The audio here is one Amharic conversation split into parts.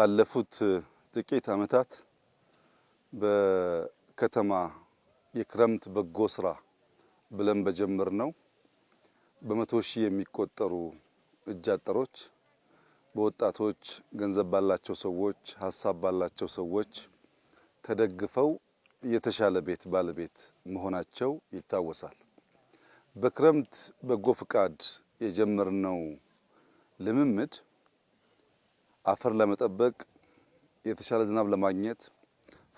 ባለፉት ጥቂት ዓመታት በከተማ የክረምት በጎ ስራ ብለን በጀምር ነው በመቶ ሺህ የሚቆጠሩ እጅ አጠሮች በወጣቶች ገንዘብ ባላቸው ሰዎች፣ ሀሳብ ባላቸው ሰዎች ተደግፈው የተሻለ ቤት ባለቤት መሆናቸው ይታወሳል። በክረምት በጎ ፍቃድ የጀመርነው ልምምድ አፈር ለመጠበቅ የተሻለ ዝናብ ለማግኘት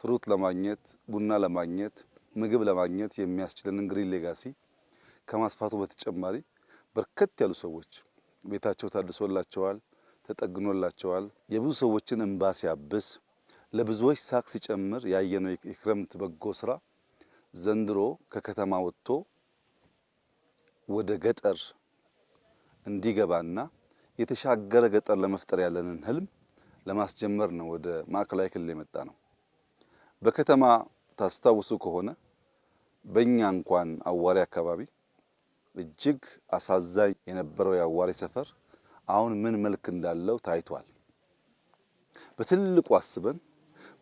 ፍሩት ለማግኘት ቡና ለማግኘት ምግብ ለማግኘት የሚያስችለንን ግሪን ሌጋሲ ከማስፋቱ በተጨማሪ በርከት ያሉ ሰዎች ቤታቸው ታድሶላቸዋል፣ ተጠግኖላቸዋል። የብዙ ሰዎችን እንባ ሲያብስ ለብዙዎች ሳቅ ሲጨምር ያየነው የክረምት በጎ ስራ ዘንድሮ ከከተማ ወጥቶ ወደ ገጠር እንዲገባና የተሻገረ ገጠር ለመፍጠር ያለንን ህልም ለማስጀመር ነው ወደ ማዕከላዊ ክልል የመጣ ነው። በከተማ ታስታውሱ ከሆነ በእኛ እንኳን አዋሪ አካባቢ እጅግ አሳዛኝ የነበረው የአዋሪ ሰፈር አሁን ምን መልክ እንዳለው ታይቷል። በትልቁ አስበን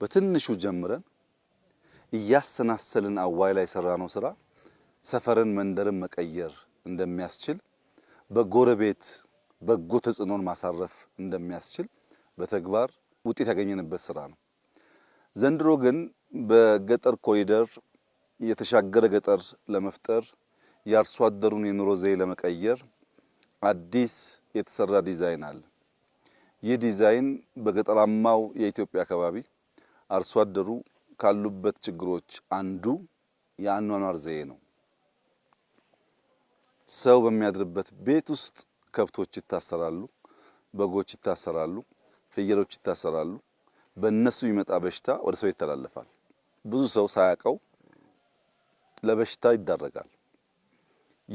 በትንሹ ጀምረን እያሰናሰልን አዋሪ ላይ የሰራነው ስራ ሰፈርን መንደርን መቀየር እንደሚያስችል በጎረቤት በጎ ተጽዕኖን ማሳረፍ እንደሚያስችል በተግባር ውጤት ያገኘንበት ስራ ነው። ዘንድሮ ግን በገጠር ኮሪደር የተሻገረ ገጠር ለመፍጠር የአርሶ አደሩን የኑሮ ዘዬ ለመቀየር አዲስ የተሰራ ዲዛይን አለ። ይህ ዲዛይን በገጠራማው የኢትዮጵያ አካባቢ አርሶ አደሩ ካሉበት ችግሮች አንዱ የአኗኗር ዘዬ ነው። ሰው በሚያድርበት ቤት ውስጥ ከብቶች ይታሰራሉ፣ በጎች ይታሰራሉ፣ ፍየሎች ይታሰራሉ። በእነሱ የሚመጣ በሽታ ወደ ሰው ይተላለፋል። ብዙ ሰው ሳያውቀው ለበሽታ ይዳረጋል።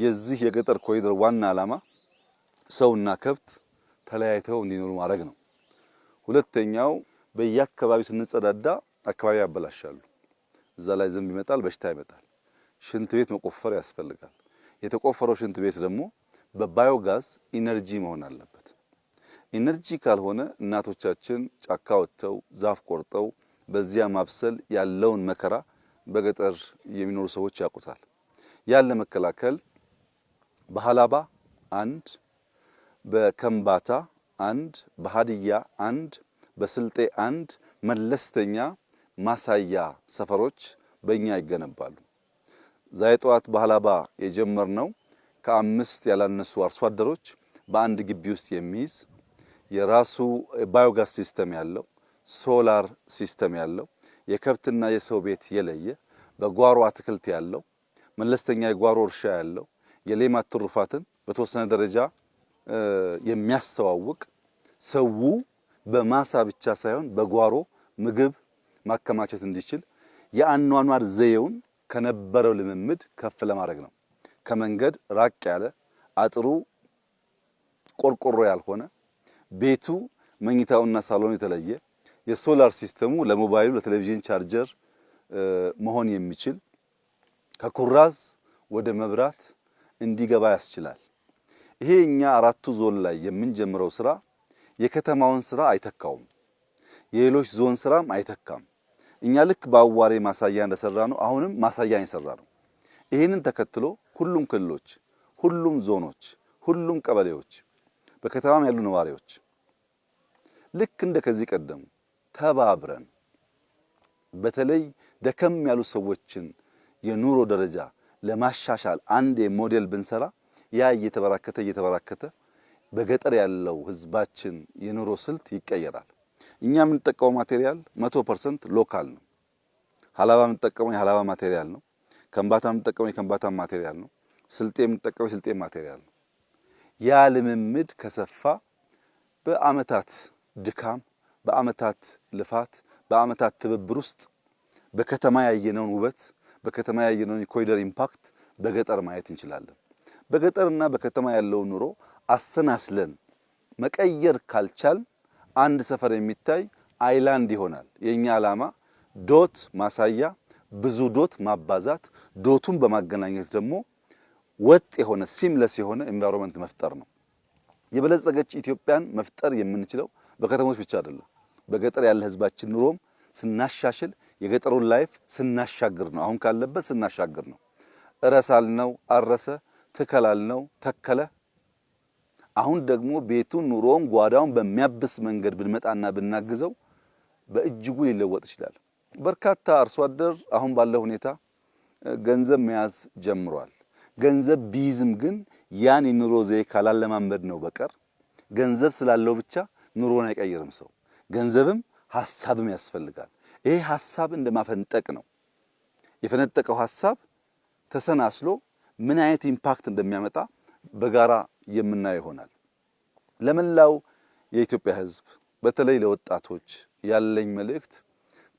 የዚህ የገጠር ኮሪደር ዋና ዓላማ ሰውና ከብት ተለያይተው እንዲኖሩ ማድረግ ነው። ሁለተኛው በየአካባቢው ስንጸዳዳ አካባቢ ያበላሻሉ። እዛ ላይ ዝንብ ይመጣል፣ በሽታ ይመጣል። ሽንት ቤት መቆፈር ያስፈልጋል። የተቆፈረው ሽንት ቤት ደግሞ በባዮጋዝ ኢነርጂ መሆን አለበት። ኢነርጂ ካልሆነ እናቶቻችን ጫካ ወጥተው ዛፍ ቆርጠው በዚያ ማብሰል ያለውን መከራ በገጠር የሚኖሩ ሰዎች ያውቁታል። ያን ለመከላከል በሀላባ አንድ፣ በከምባታ አንድ፣ በሀዲያ አንድ፣ በስልጤ አንድ መለስተኛ ማሳያ ሰፈሮች በእኛ ይገነባሉ። ዛሬ ጠዋት በሀላባ የጀመርነው ከአምስት ያላነሱ አርሶ አደሮች በአንድ ግቢ ውስጥ የሚይዝ የራሱ ባዮጋስ ሲስተም ያለው ሶላር ሲስተም ያለው የከብትና የሰው ቤት የለየ በጓሮ አትክልት ያለው መለስተኛ የጓሮ እርሻ ያለው የሌማት ትሩፋትን በተወሰነ ደረጃ የሚያስተዋውቅ ሰው በማሳ ብቻ ሳይሆን በጓሮ ምግብ ማከማቸት እንዲችል የአኗኗር ዘዬውን ከነበረው ልምምድ ከፍ ለማድረግ ነው። ከመንገድ ራቅ ያለ አጥሩ ቆርቆሮ ያልሆነ ቤቱ መኝታውና ሳሎኑ የተለየ የሶላር ሲስተሙ ለሞባይሉ ለቴሌቪዥን ቻርጀር መሆን የሚችል ከኩራዝ ወደ መብራት እንዲገባ ያስችላል። ይሄ እኛ አራቱ ዞን ላይ የምንጀምረው ስራ የከተማውን ስራ አይተካውም፣ የሌሎች ዞን ስራም አይተካም። እኛ ልክ በአዋሬ ማሳያ እንደሰራ ነው፣ አሁንም ማሳያ የሰራ ነው። ይህንን ተከትሎ ሁሉም ክልሎች፣ ሁሉም ዞኖች፣ ሁሉም ቀበሌዎች፣ በከተማም ያሉ ነዋሪዎች ልክ እንደ ከዚህ ቀደም ተባብረን በተለይ ደከም ያሉ ሰዎችን የኑሮ ደረጃ ለማሻሻል አንድ ሞዴል ብንሰራ ያ እየተበራከተ እየተበራከተ በገጠር ያለው ህዝባችን የኑሮ ስልት ይቀየራል። እኛ የምንጠቀመው ማቴሪያል መቶ ፐርሰንት ሎካል ነው። ሀላባ የምንጠቀመው የሀላባ ማቴሪያል ነው። ከምባታ የምጠቀመው የከምባታ ማቴሪያል ነው። ስልጤ የምጠቀመው የስልጤ ማቴሪያል ነው። ያ ልምምድ ከሰፋ በአመታት ድካም፣ በአመታት ልፋት፣ በአመታት ትብብር ውስጥ በከተማ ያየነውን ውበት፣ በከተማ ያየነውን የኮሪደር ኢምፓክት በገጠር ማየት እንችላለን። በገጠርና በከተማ ያለውን ኑሮ አሰናስለን መቀየር ካልቻል አንድ ሰፈር የሚታይ አይላንድ ይሆናል። የኛ ዓላማ ዶት ማሳያ ብዙ ዶት ማባዛት ዶቱን በማገናኘት ደግሞ ወጥ የሆነ ሲምለስ የሆነ ኢንቫይሮንመንት መፍጠር ነው። የበለጸገች ኢትዮጵያን መፍጠር የምንችለው በከተሞች ብቻ አይደለም። በገጠር ያለ ህዝባችን ኑሮም ስናሻሽል የገጠሩን ላይፍ ስናሻግር ነው። አሁን ካለበት ስናሻግር ነው። እረሳል ነው አረሰ፣ ትከላል ነው ተከለ። አሁን ደግሞ ቤቱን ኑሮውን ጓዳውን በሚያብስ መንገድ ብንመጣና ብናግዘው በእጅጉ ሊለወጥ ይችላል። በርካታ አርሶ አደር አሁን ባለው ሁኔታ ገንዘብ መያዝ ጀምሯል። ገንዘብ ቢይዝም ግን ያን የኑሮ ዘዬ ካላለማመድ ነው በቀር ገንዘብ ስላለው ብቻ ኑሮን አይቀይርም ሰው። ገንዘብም ሀሳብም ያስፈልጋል። ይሄ ሀሳብ እንደማፈንጠቅ ነው። የፈነጠቀው ሀሳብ ተሰናስሎ ምን አይነት ኢምፓክት እንደሚያመጣ በጋራ የምናየው ይሆናል። ለመላው የኢትዮጵያ ሕዝብ በተለይ ለወጣቶች ያለኝ መልእክት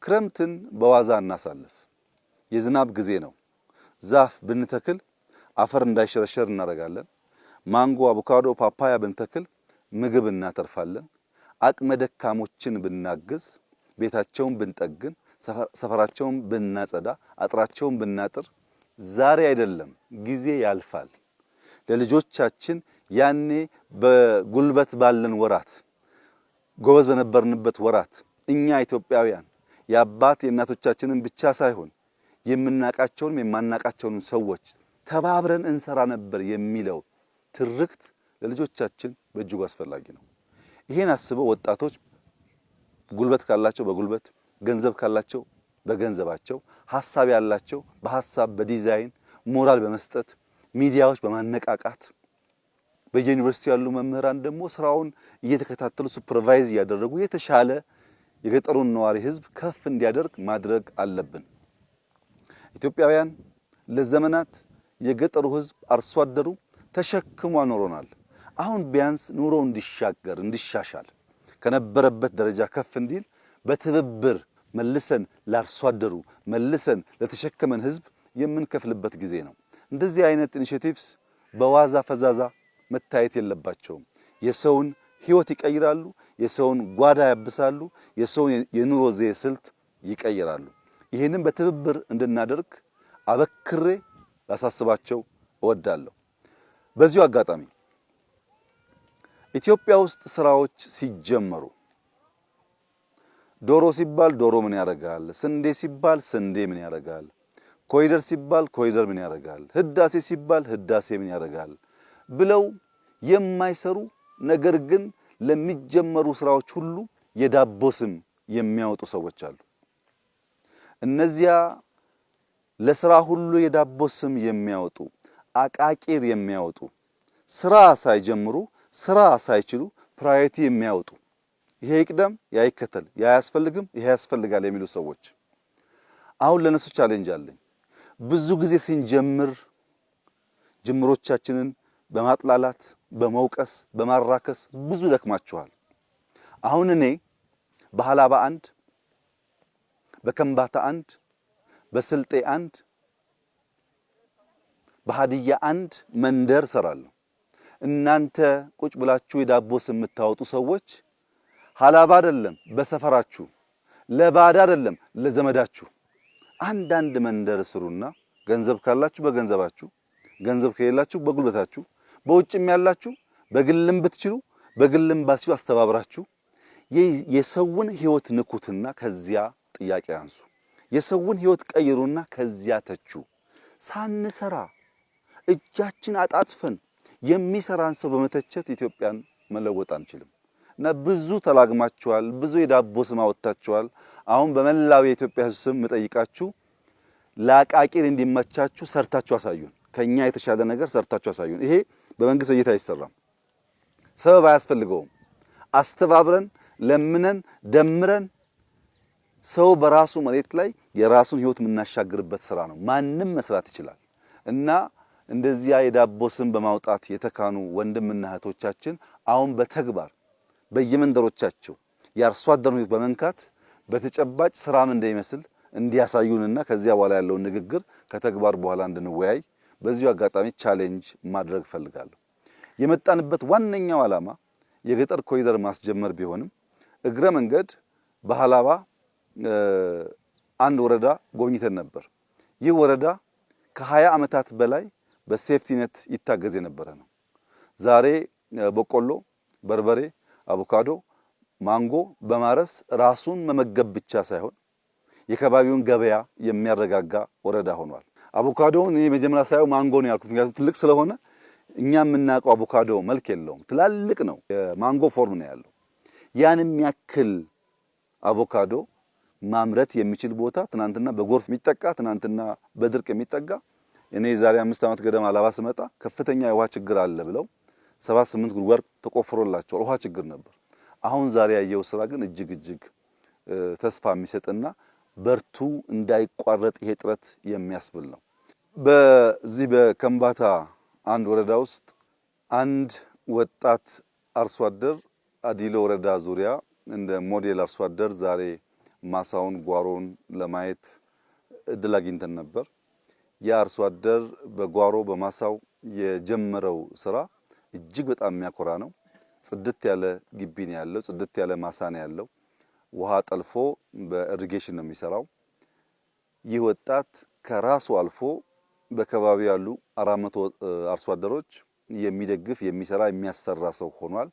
ክረምትን በዋዛ እናሳልፍ። የዝናብ ጊዜ ነው። ዛፍ ብንተክል አፈር እንዳይሸረሸር እናደርጋለን። ማንጎ፣ አቮካዶ፣ ፓፓያ ብንተክል ምግብ እናተርፋለን። አቅመ ደካሞችን ብናግዝ፣ ቤታቸውን ብንጠግን፣ ሰፈራቸውን ብናጸዳ፣ አጥራቸውን ብናጥር፣ ዛሬ አይደለም ጊዜ ያልፋል። ለልጆቻችን ያኔ በጉልበት ባለን ወራት ጎበዝ በነበርንበት ወራት እኛ ኢትዮጵያውያን የአባት የእናቶቻችንን ብቻ ሳይሆን የምናቃቸውንም የማናቃቸውንም ሰዎች ተባብረን እንሰራ ነበር የሚለው ትርክት ለልጆቻችን በእጅጉ አስፈላጊ ነው። ይሄን አስበው ወጣቶች ጉልበት ካላቸው በጉልበት ገንዘብ ካላቸው በገንዘባቸው ሀሳብ ያላቸው በሀሳብ በዲዛይን ሞራል በመስጠት ሚዲያዎች በማነቃቃት በየዩኒቨርሲቲ ያሉ መምህራን ደግሞ ስራውን እየተከታተሉ ሱፐርቫይዝ እያደረጉ የተሻለ የገጠሩን ነዋሪ ህዝብ ከፍ እንዲያደርግ ማድረግ አለብን። ኢትዮጵያውያን ለዘመናት የገጠሩ ህዝብ አርሶ አደሩ ተሸክሞ አኖሮናል። አሁን ቢያንስ ኑሮ እንዲሻገር እንዲሻሻል ከነበረበት ደረጃ ከፍ እንዲል በትብብር መልሰን ላርሶ አደሩ መልሰን ለተሸከመን ህዝብ የምንከፍልበት ጊዜ ነው። እንደዚህ አይነት ኢኒሼቲቭስ በዋዛ ፈዛዛ መታየት የለባቸውም። የሰውን ህይወት ይቀይራሉ። የሰውን ጓዳ ያብሳሉ። የሰውን የኑሮ ዘዬ ስልት ይቀይራሉ። ይህንን በትብብር እንድናደርግ አበክሬ ላሳስባቸው እወዳለሁ። በዚሁ አጋጣሚ ኢትዮጵያ ውስጥ ስራዎች ሲጀመሩ ዶሮ ሲባል ዶሮ ምን ያደርጋል? ስንዴ ሲባል ስንዴ ምን ያደርጋል? ኮሪደር ሲባል ኮሪደር ምን ያደርጋል? ህዳሴ ሲባል ህዳሴ ምን ያደርጋል? ብለው የማይሰሩ ነገር ግን ለሚጀመሩ ስራዎች ሁሉ የዳቦ ስም የሚያወጡ ሰዎች አሉ። እነዚያ ለስራ ሁሉ የዳቦ ስም የሚያወጡ አቃቂር የሚያወጡ ስራ ሳይጀምሩ ስራ ሳይችሉ ፕራዮሪቲ የሚያወጡ ይሄ ይቅደም፣ ያ ይከተል፣ ያ አያስፈልግም፣ ይሄ ያስፈልጋል የሚሉ ሰዎች አሁን ለነሱ ቻሌንጅ አለኝ። ብዙ ጊዜ ስንጀምር ጅምሮቻችንን በማጥላላት በመውቀስ በማራከስ ብዙ ደክማችኋል። አሁን እኔ በሃላባ አንድ በከምባታ አንድ፣ በስልጤ አንድ፣ በሀዲያ አንድ መንደር ሰራለሁ። እናንተ ቁጭ ብላችሁ የዳቦ የምታወጡ ሰዎች ሀላባ አይደለም በሰፈራችሁ፣ ለባዳ አይደለም ለዘመዳችሁ፣ አንዳንድ መንደር ስሩና ገንዘብ ካላችሁ በገንዘባችሁ፣ ገንዘብ ከሌላችሁ በጉልበታችሁ፣ በውጭም ያላችሁ በግልም ብትችሉ በግልም ባስዩ አስተባብራችሁ የሰውን ህይወት ንኩትና ከዚያ ጥያቄ አንሱ። የሰውን ህይወት ቀይሩና ከዚያ ተቹ። ሳንሰራ እጃችን አጣጥፈን የሚሰራን ሰው በመተቸት ኢትዮጵያን መለወጥ አንችልም። እና ብዙ ተላግማችኋል፣ ብዙ የዳቦ ስም አወጥታችኋል። አሁን በመላው የኢትዮጵያ ህዝብ ስም የምጠይቃችሁ ለአቃቂር እንዲመቻችሁ ሰርታችሁ አሳዩን። ከኛ የተሻለ ነገር ሰርታችሁ አሳዩን። ይሄ በመንግስት እይታ አይሰራም፣ ሰበብ አያስፈልገውም። አስተባብረን ለምነን ደምረን ሰው በራሱ መሬት ላይ የራሱን ህይወት የምናሻግርበት ስራ ነው። ማንም መስራት ይችላል እና እንደዚያ የዳቦ ስም በማውጣት የተካኑ ወንድምና እህቶቻችን አሁን በተግባር በየመንደሮቻቸው የአርሶ አደሩን ህይወት በመንካት በተጨባጭ ስራም እንደሚመስል እንዲያሳዩንና ከዚያ በኋላ ያለውን ንግግር ከተግባር በኋላ እንድንወያይ በዚሁ አጋጣሚ ቻሌንጅ ማድረግ እፈልጋለሁ። የመጣንበት ዋነኛው ዓላማ የገጠር ኮሪደር ማስጀመር ቢሆንም እግረ መንገድ በሀላባ አንድ ወረዳ ጎብኝተን ነበር። ይህ ወረዳ ከሀያ ዓመታት በላይ በሴፍቲነት ይታገዝ የነበረ ነው። ዛሬ በቆሎ፣ በርበሬ፣ አቮካዶ፣ ማንጎ በማረስ ራሱን መመገብ ብቻ ሳይሆን የከባቢውን ገበያ የሚያረጋጋ ወረዳ ሆኗል። አቮካዶውን እኔ መጀመሪያ ሳየው ማንጎ ነው ያልኩት፣ ምክንያቱም ትልቅ ስለሆነ እኛ የምናውቀው አቮካዶ መልክ የለውም፣ ትላልቅ ነው። የማንጎ ፎርም ነው ያለው። ያን የሚያክል አቮካዶ ማምረት የሚችል ቦታ ትናንትና በጎርፍ የሚጠቃ ትናንትና በድርቅ የሚጠጋ እኔ የዛሬ አምስት ዓመት ገደማ አላባ ስመጣ ከፍተኛ የውሃ ችግር አለ ብለው ሰባት ስምንት ጉድጓድ ተቆፍሮላቸዋል። ውሃ ችግር ነበር። አሁን ዛሬ ያየው ስራ ግን እጅግ እጅግ ተስፋ የሚሰጥና በርቱ እንዳይቋረጥ ይሄ ጥረት የሚያስብል ነው። በዚህ በከምባታ አንድ ወረዳ ውስጥ አንድ ወጣት አርሶ አደር አዲሎ ወረዳ ዙሪያ እንደ ሞዴል አርሶ አደር ዛሬ ማሳውን ጓሮውን ለማየት እድል አግኝተን ነበር። ያ አርሶ አደር በጓሮ በማሳው የጀመረው ስራ እጅግ በጣም የሚያኮራ ነው። ጽድት ያለ ግቢ ነው ያለው፣ ጽድት ያለ ማሳ ነው ያለው። ውሃ ጠልፎ በኢሪጌሽን ነው የሚሰራው። ይህ ወጣት ከራሱ አልፎ በከባቢ ያሉ አራት መቶ አርሶ አደሮች የሚደግፍ የሚሰራ የሚያሰራ ሰው ሆኗል።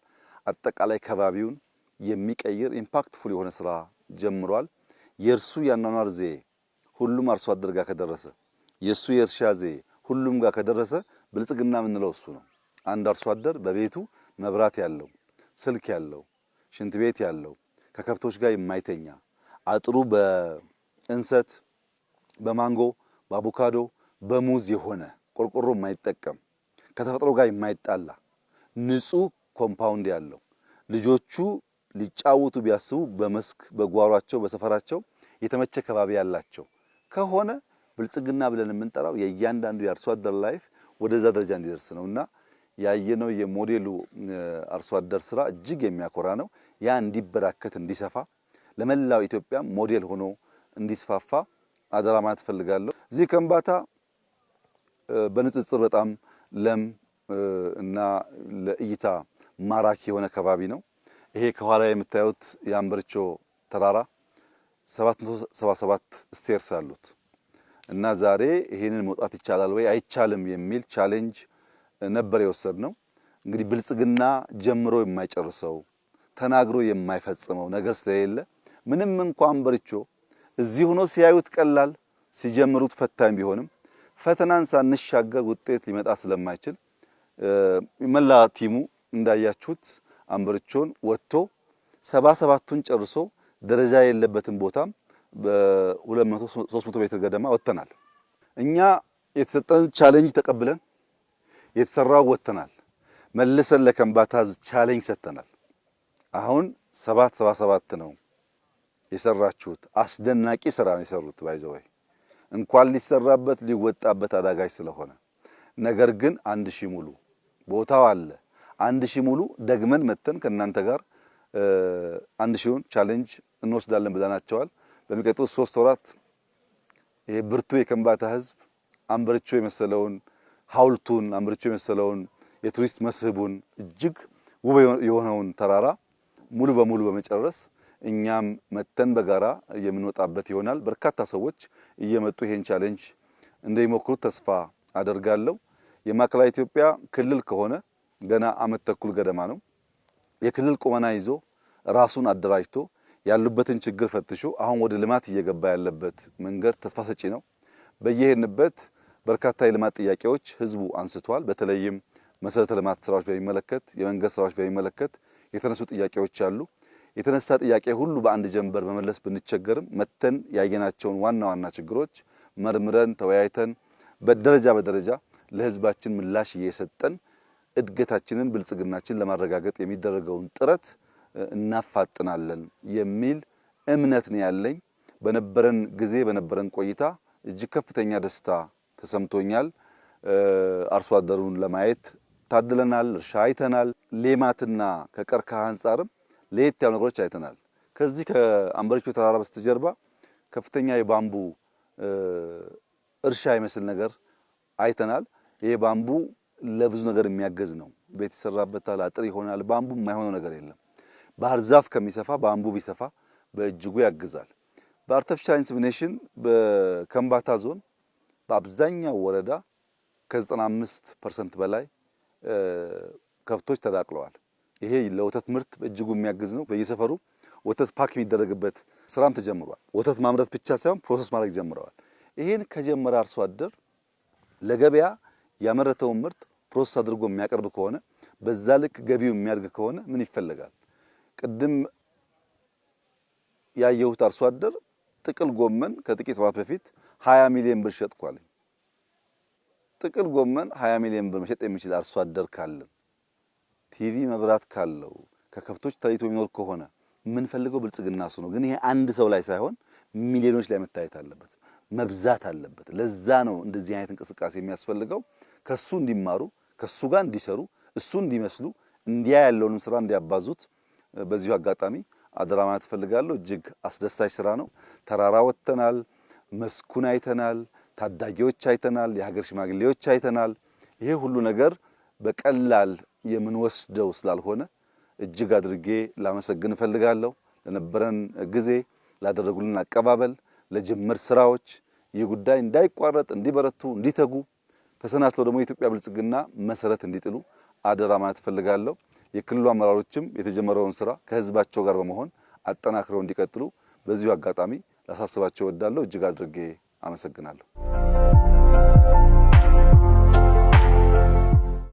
አጠቃላይ ከባቢውን የሚቀይር ኢምፓክትፉል የሆነ ስራ ጀምሯል። የእርሱ የአኗኗር ዜ ሁሉም አርሶ አደር ጋር ከደረሰ የእሱ የእርሻ ዜ ሁሉም ጋር ከደረሰ ብልጽግና የምንለው እሱ ነው። አንድ አርሶ አደር በቤቱ መብራት ያለው፣ ስልክ ያለው፣ ሽንት ቤት ያለው፣ ከከብቶች ጋር የማይተኛ አጥሩ በእንሰት በማንጎ በአቮካዶ በሙዝ የሆነ ቆርቆሮ የማይጠቀም ከተፈጥሮ ጋር የማይጣላ ንጹህ ኮምፓውንድ ያለው ልጆቹ ሊጫወቱ ቢያስቡ በመስክ በጓሯቸው በሰፈራቸው የተመቸ ከባቢ ያላቸው ከሆነ ብልጽግና ብለን የምንጠራው የእያንዳንዱ የአርሶ አደር ላይፍ ወደዛ ደረጃ እንዲደርስ ነው እና ያየነው የሞዴሉ አርሶ አደር ስራ እጅግ የሚያኮራ ነው። ያ እንዲበራከት እንዲሰፋ፣ ለመላው ኢትዮጵያ ሞዴል ሆኖ እንዲስፋፋ አደራ ማለት እፈልጋለሁ። እዚህ ከምባታ በንጽጽር በጣም ለም እና ለእይታ ማራኪ የሆነ ከባቢ ነው። ይሄ ከኋላ የምታዩት የሀምበሪቾ ተራራ 777 ስቴርስ አሉት እና ዛሬ ይሄንን መውጣት ይቻላል ወይ አይቻልም የሚል ቻሌንጅ ነበር የወሰድ ነው። እንግዲህ ብልጽግና ጀምሮ የማይጨርሰው ተናግሮ የማይፈጽመው ነገር ስለሌለ ምንም እንኳን ሀምበሪቾ እዚህ ሆኖ ሲያዩት ቀላል ሲጀምሩት ፈታኝ ቢሆንም ፈተናን ሳንሻገር ውጤት ሊመጣ ስለማይችል መላ ቲሙ እንዳያችሁት አንበርቾን ወጥቶ ሰባ ሰባቱን ጨርሶ ደረጃ የለበትን ቦታ በ200 300 ሜትር ገደማ ወጥተናል። እኛ የተሰጠን ቻሌንጅ ተቀብለን የተሰራው ወጥተናል። መልሰን ለከምባታ ቻሌንጅ ሰጥተናል። አሁን 777 ነው የሰራችሁት። አስደናቂ ስራ ነው የሰሩት። ባይዘወይ እንኳን ሊሰራበት ሊወጣበት አዳጋጅ ስለሆነ ነገር ግን አንድ ሺህ ሙሉ ቦታው አለ አንድ ሺህ ሙሉ ደግመን መተን ከእናንተ ጋር አንድ ሺውን ቻሌንጅ እንወስዳለን ብለናቸዋል። በሚቀጥሉት ሶስት ወራት ይሄ ብርቱ የከምባታ ህዝብ አንበርቾ የመሰለውን ሀውልቱን አንበርቾ የመሰለውን የቱሪስት መስህቡን እጅግ ውብ የሆነውን ተራራ ሙሉ በሙሉ በመጨረስ እኛም መተን በጋራ የምንወጣበት ይሆናል። በርካታ ሰዎች እየመጡ ይሄን ቻሌንጅ እንደሚሞክሩት ተስፋ አደርጋለሁ። የማዕከላዊ ኢትዮጵያ ክልል ከሆነ ገና አመት ተኩል ገደማ ነው። የክልል ቁመና ይዞ ራሱን አደራጅቶ ያሉበትን ችግር ፈትሾ አሁን ወደ ልማት እየገባ ያለበት መንገድ ተስፋ ሰጪ ነው። በየሄንበት በርካታ የልማት ጥያቄዎች ህዝቡ አንስቷል። በተለይም መሰረተ ልማት ስራዎች በሚመለከት የመንገድ ስራዎች በሚመለከት የተነሱ ጥያቄዎች አሉ። የተነሳ ጥያቄ ሁሉ በአንድ ጀንበር መመለስ ብንቸገርም መተን ያየናቸውን ዋና ዋና ችግሮች መርምረን ተወያይተን በደረጃ በደረጃ ለህዝባችን ምላሽ እየሰጠን እድገታችንን፣ ብልጽግናችን ለማረጋገጥ የሚደረገውን ጥረት እናፋጥናለን የሚል እምነት ነው ያለኝ። በነበረን ጊዜ በነበረን ቆይታ እጅግ ከፍተኛ ደስታ ተሰምቶኛል። አርሶ አደሩን ለማየት ታድለናል። እርሻ አይተናል። ሌማትና ከቀርከሃ አንጻርም ለየት ያሉ ነገሮች አይተናል። ከዚህ ከአምበሪቾ ተራራ በስተጀርባ ከፍተኛ የባምቡ እርሻ ይመስል ነገር አይተናል። ይሄ ባምቡ ለብዙ ነገር የሚያገዝ ነው። ቤት ይሰራበታል፣ አጥር ይሆናል። ባምቡ የማይሆነው ነገር የለም። ባህር ዛፍ ከሚሰፋ ባምቡ ቢሰፋ በእጅጉ ያግዛል። በአርቲፊሻል ኢንሰሚኔሽን በከምባታ ዞን በአብዛኛው ወረዳ ከ95 ፐርሰንት በላይ ከብቶች ተዳቅለዋል። ይሄ ለወተት ምርት በእጅጉ የሚያግዝ ነው። በየሰፈሩ ወተት ፓክ የሚደረግበት ስራም ተጀምሯል። ወተት ማምረት ብቻ ሳይሆን ፕሮሰስ ማድረግ ጀምረዋል። ይሄን ከጀመረ አርሶ አደር ለገበያ ያመረተውን ምርት ፕሮሰስ አድርጎ የሚያቀርብ ከሆነ በዛ ልክ ገቢው የሚያድግ ከሆነ ምን ይፈለጋል? ቅድም ያየሁት አርሶ አደር ጥቅል ጎመን ከጥቂት ወራት በፊት 20 ሚሊዮን ብር ሸጥኳል። ጥቅል ጎመን 20 ሚሊዮን ብር መሸጥ የሚችል አርሶ አደር ካለን ቲቪ መብራት ካለው ከከብቶች ተለይቶ የሚኖር ከሆነ ምን ብልጽግና እሱ ነው። ግን ይሄ አንድ ሰው ላይ ሳይሆን ሚሊዮኖች ላይ መታየት አለበት፣ መብዛት አለበት። ለዛ ነው እንደዚህ አይነት እንቅስቃሴ የሚያስፈልገው ከሱ እንዲማሩ ከሱ ጋር እንዲሰሩ እሱ እንዲመስሉ እንዲያ ያለውንም ስራ እንዲያባዙት በዚሁ አጋጣሚ አደራ ማለት እፈልጋለሁ። እጅግ አስደሳች ስራ ነው። ተራራ ወጥተናል፣ መስኩን አይተናል፣ ታዳጊዎች አይተናል፣ የሀገር ሽማግሌዎች አይተናል። ይሄ ሁሉ ነገር በቀላል የምንወስደው ስላልሆነ እጅግ አድርጌ ላመሰግን እፈልጋለሁ። ለነበረን ጊዜ፣ ላደረጉልን አቀባበል፣ ለጅምር ስራዎች ይህ ጉዳይ እንዳይቋረጥ እንዲበረቱ፣ እንዲተጉ ተሰናስለው ደግሞ የኢትዮጵያ ብልጽግና መሰረት እንዲጥሉ አደራ ማለት እፈልጋለሁ። የክልሉ አመራሮችም የተጀመረውን ስራ ከህዝባቸው ጋር በመሆን አጠናክረው እንዲቀጥሉ በዚሁ አጋጣሚ ላሳስባቸው እወዳለሁ። እጅግ አድርጌ አመሰግናለሁ።